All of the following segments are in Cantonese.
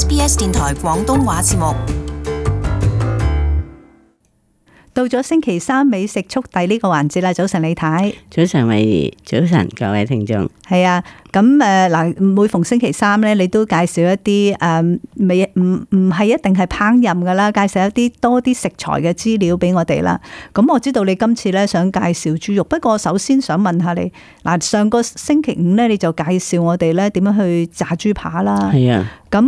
SBS 電台廣東話節目到咗星期三美食速遞呢個環節啦，早晨李太，早晨維怡，早晨各位聽眾，係啊，咁誒嗱，每逢星期三咧，你都介紹一啲誒美唔唔係一定係烹飪噶啦，介紹一啲多啲食材嘅資料俾我哋啦。咁我知道你今次咧想介紹豬肉，不過首先想問下你嗱，上個星期五咧你就介紹我哋咧點樣去炸豬扒啦，係啊，咁。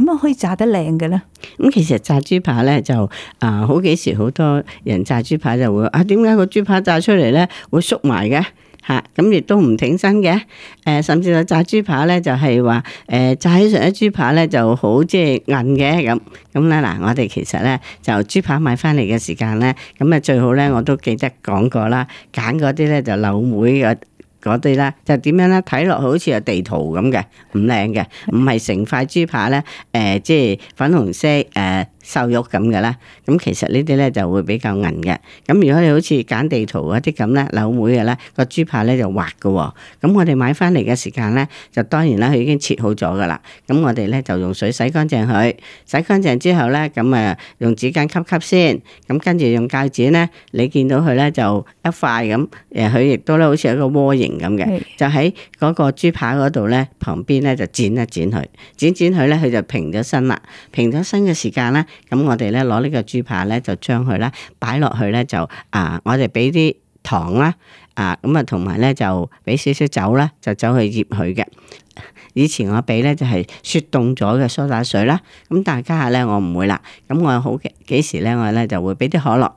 點樣可以炸得靚嘅咧？咁其實炸豬扒咧就啊，好幾時好多人炸豬扒就會啊，點解個豬扒炸出嚟咧，會縮埋嘅吓？咁、啊、亦都唔挺身嘅。誒、啊，甚至到炸豬扒咧就係話誒，炸起上一豬扒咧就好即係韌嘅咁。咁咧嗱，我哋其實咧就豬扒買翻嚟嘅時間咧，咁啊最好咧我都記得講過啦，揀嗰啲咧就柳梅。個。嗰啲咧就點、是、樣呢？睇落去好似個地圖咁嘅，唔靚嘅，唔係成塊豬扒咧。誒、呃，即係粉紅色誒。呃瘦肉咁嘅啦，咁其實呢啲咧就會比較韌嘅。咁如果你好似揀地圖嗰啲咁咧，柳梅嘅咧個豬排咧就滑嘅。咁我哋買翻嚟嘅時間咧，就當然啦，佢已經切好咗㗎喇。咁我哋咧就用水洗乾淨佢，洗乾淨之後咧，咁啊用紙巾吸吸先。咁跟住用鉸剪咧，你見到佢咧就一塊咁，誒佢亦都咧好似一個窩形咁嘅，就喺嗰個豬排嗰度咧，旁邊咧就剪一剪佢，剪剪佢咧佢就平咗身啦。平咗身嘅時間咧。咁我哋咧攞呢個豬扒咧，就將佢咧擺落去咧，就啊，我哋俾啲糖啦，啊咁啊，同埋咧就俾少少酒啦，就走去醃佢嘅。以前我俾咧就係雪凍咗嘅梳打水啦，咁但係家下咧我唔會啦。咁我好嘅幾時咧，我咧就會俾啲可樂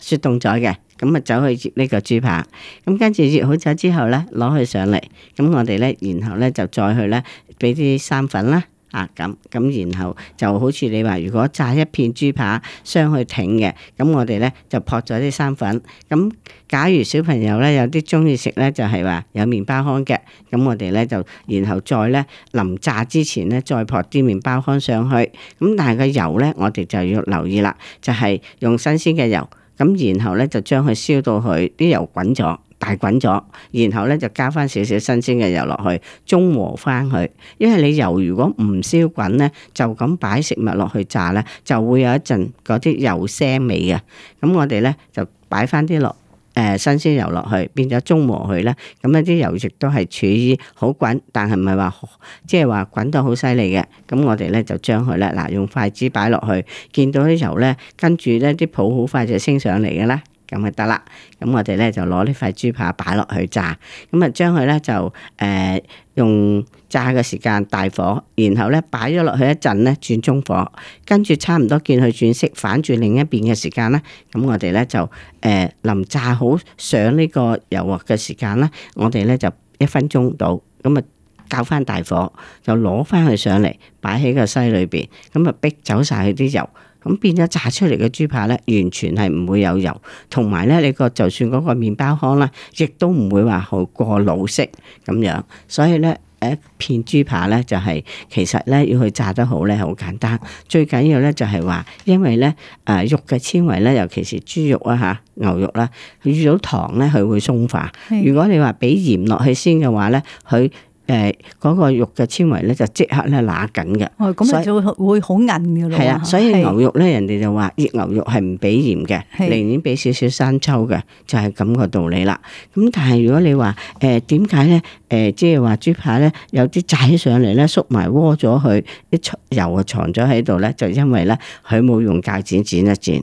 雪凍咗嘅，咁啊走去醃呢個豬扒。咁跟住醃好咗之後咧，攞佢上嚟，咁我哋咧然後咧就再去咧俾啲生粉啦。啊，咁咁，然後就好似你話，如果炸一片豬扒，雙去挺嘅，咁我哋呢就撲咗啲生粉。咁假如小朋友呢有啲中意食呢，就係話有麵包糠嘅，咁我哋呢就然後再呢，臨炸之前呢再撲啲麵包糠上去。咁但係個油呢，我哋就要留意啦，就係用新鮮嘅油。咁然後呢就將佢燒到佢啲油滾咗。大滾咗，然後咧就加翻少少新鮮嘅油落去，中和翻佢。因為你油如果唔燒滾咧，就咁擺食物落去炸咧，就會有一陣嗰啲油腥味㗎。咁我哋咧就擺翻啲落誒、呃、新鮮油落去，變咗中和佢咧。咁呢啲油亦都係處於好滾，但係唔係話即係話滾得好犀利嘅。咁我哋咧就將佢咧，嗱用筷子擺落去，見到啲油咧，跟住咧啲泡好快就升上嚟嘅啦。咁咪得啦，咁我哋咧就攞呢塊豬扒擺落去炸，咁啊將佢咧就誒用炸嘅時間大火，然後咧擺咗落去一陣咧轉中火，跟住差唔多見佢轉色，反轉另一邊嘅時間咧，咁我哋咧就誒臨炸好上呢個油鑊嘅時間咧，我哋咧就一分鐘到，咁啊較翻大火就攞翻佢上嚟擺喺個篩裏邊，咁啊逼走晒佢啲油。咁變咗炸出嚟嘅豬扒咧，完全係唔會有油，同埋咧你個就算嗰個麵包糠咧，亦都唔會話好過老式咁樣。所以咧，一片豬扒咧就係其實咧要去炸得好咧，好簡單。最緊要咧就係話，因為咧誒肉嘅纖維咧，尤其是豬肉啊嚇、牛肉啦，遇到糖咧佢會鬆化。是的 如果你話俾鹽落去先嘅話咧，佢誒嗰個肉嘅纖維咧就即刻咧乸緊嘅，哦咁咧就會會好韌嘅咯。係啊，所以牛肉咧，人哋就話醃牛肉係唔俾鹽嘅，寧願俾少少生抽嘅，就係咁個道理啦。咁但係如果你話誒點解咧？誒即係話豬扒咧有啲擠上嚟咧縮埋窩咗佢，啲油啊藏咗喺度咧，就因為咧佢冇用鉸剪剪一剪，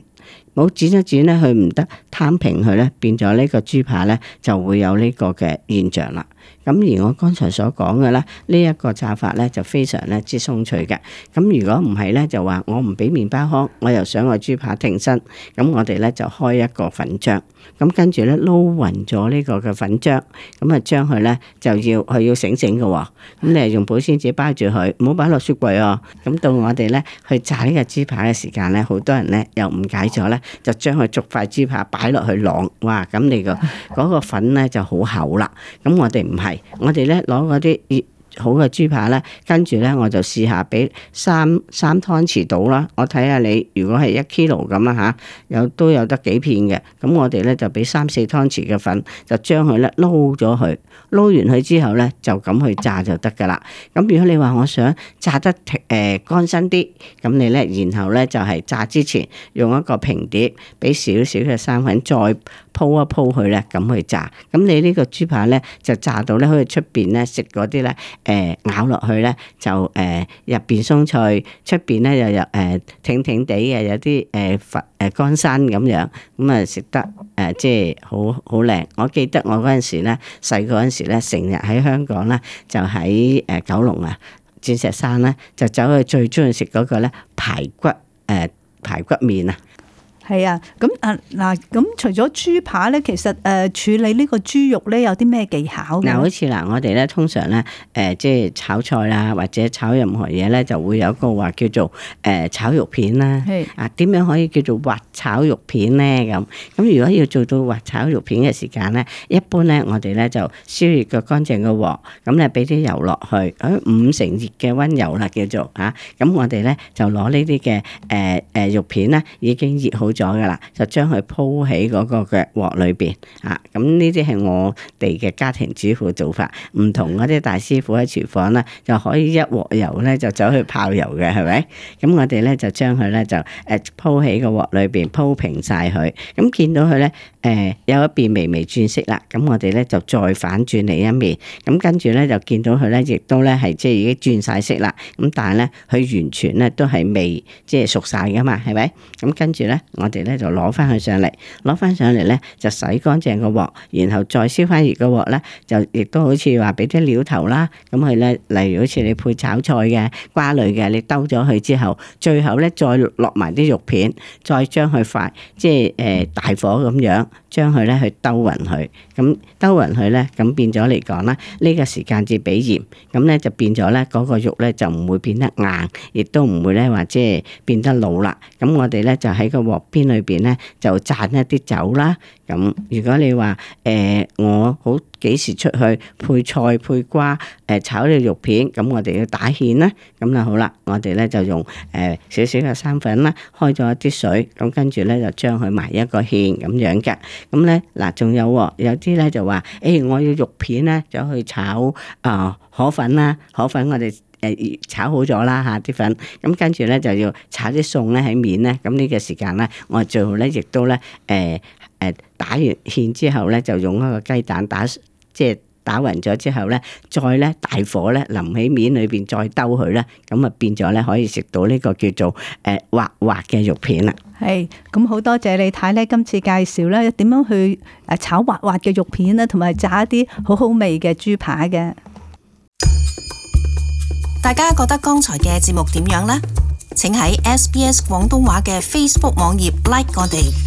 冇剪一剪咧佢唔得攤平佢咧，變咗呢個豬扒咧就會有呢個嘅現象啦。咁而我剛才所講嘅咧，呢一個炸法咧就非常咧之鬆脆嘅。咁如果唔係咧，就話我唔俾麪包糠，我又想個豬扒挺身。咁我哋咧就開一個粉漿，咁跟住咧撈勻咗呢個嘅粉漿，咁啊將佢咧就要佢要醒醒嘅喎。咁你係用保鮮紙包住佢，唔好擺落雪櫃哦。咁到我哋咧去炸呢個豬扒嘅時間咧，好多人咧又誤解咗咧，就將佢逐塊豬扒擺落去攞，哇！咁你個嗰個粉咧就好厚啦。咁我哋。唔係，我哋咧攞嗰啲。好嘅豬扒咧，跟住咧我就試下俾三三湯匙到啦，我睇下你如果係一 kilo 咁啦嚇，都有都有得幾片嘅，咁我哋咧就俾三四湯匙嘅粉，就將佢咧撈咗佢，撈完佢之後咧就咁去炸就得噶啦。咁如果你話我想炸得誒乾、呃、身啲，咁你咧然後咧就係、是、炸之前用一個平碟，俾少少嘅生粉再鋪一鋪佢咧，咁去炸。咁你呢個豬扒咧就炸到咧可以出邊咧食嗰啲咧。誒咬落去咧就誒入邊鬆脆，出邊咧又有誒、呃、挺挺地嘅，有啲誒佛誒乾身咁樣，咁啊食得誒、呃、即係好好靚。我記得我嗰陣時咧細個嗰陣時咧，成日喺香港咧就喺誒九龍啊鑽石山咧就走去最中意食嗰個咧排骨誒、呃、排骨麵啊！係啊，咁啊嗱，咁除咗豬扒咧，其實誒、呃、處理呢個豬肉咧，有啲咩技巧嘅？嗱，好似嗱，我哋咧通常咧誒、呃，即係炒菜啦，或者炒任何嘢咧，就會有一個話叫做誒、呃、炒肉片啦。係啊，點樣可以叫做滑炒肉片咧？咁咁如果要做到滑炒肉片嘅時間咧，一般咧我哋咧就燒熱個乾淨嘅鑊，咁咧俾啲油落去，誒、呃、五成熱嘅溫油啦，叫做嚇。咁、啊、我哋咧就攞呢啲嘅誒誒肉片啦，已經熱好。咗噶啦就將佢鋪喺嗰個腳鑊裏邊啊！咁呢啲係我哋嘅家庭主婦做法，唔同嗰啲大師傅喺廚房咧，就可以一鑊油咧就走去泡油嘅，係咪？咁我哋咧就將佢咧就誒、啊、鋪喺個鑊裏邊鋪平晒佢。咁、啊、見到佢咧誒有一邊微微轉色啦，咁、啊、我哋咧就再反轉嚟一面。咁、啊、跟住咧就見到佢咧亦都咧係即係已經轉晒色啦。咁、啊、但係咧佢完全咧都係未即係熟晒噶嘛，係咪？咁、啊啊啊、跟住咧。我哋咧就攞翻佢上嚟，攞翻上嚟咧就洗乾淨個鑊，然後再燒翻熱個鑊咧，就亦都好似話俾啲料頭啦，咁佢咧例如好似你配炒菜嘅瓜類嘅，你兜咗佢之後，最後咧再落埋啲肉片，再將佢快即係誒、呃、大火咁樣。將佢咧去兜勻佢，咁兜勻佢咧，咁變咗嚟講啦，呢、這個時間至畀鹽，咁咧就變咗咧嗰個肉咧就唔會變得硬，亦都唔會咧話即係變得老啦。咁我哋咧就喺個鑊邊裏邊咧就灒一啲酒啦。咁如果你話誒、呃、我好。幾時出去配菜配瓜？誒、呃、炒呢肉片，咁我哋要打芡啦。咁就好啦，我哋呢就用誒少少嘅生粉啦，開咗一啲水，咁跟住呢，就將佢埋一個芡咁樣嘅。咁呢，嗱，仲有喎，有啲呢就話，誒、欸、我要肉片呢，就去炒啊、呃、可粉啦。河粉我哋誒炒好咗啦嚇啲粉，咁跟住呢就要炒啲餸咧喺面呢。咁呢個時間呢，我最好呢亦都呢，誒、呃、誒、呃、打完芡之後呢，就用一個雞蛋打。即係打勻咗之後呢，再咧大火呢，淋起面裏邊，再兜佢呢，咁啊，變咗呢，可以食到呢個叫做誒、呃、滑滑嘅肉片啦。係，咁好多謝你睇呢。今次介紹呢，點樣去炒滑滑嘅肉片呢，同埋炸一啲好好味嘅豬扒嘅。嗯、大家覺得剛才嘅節目點樣呢？請喺 SBS 廣東話嘅 Facebook 網頁 like 我哋。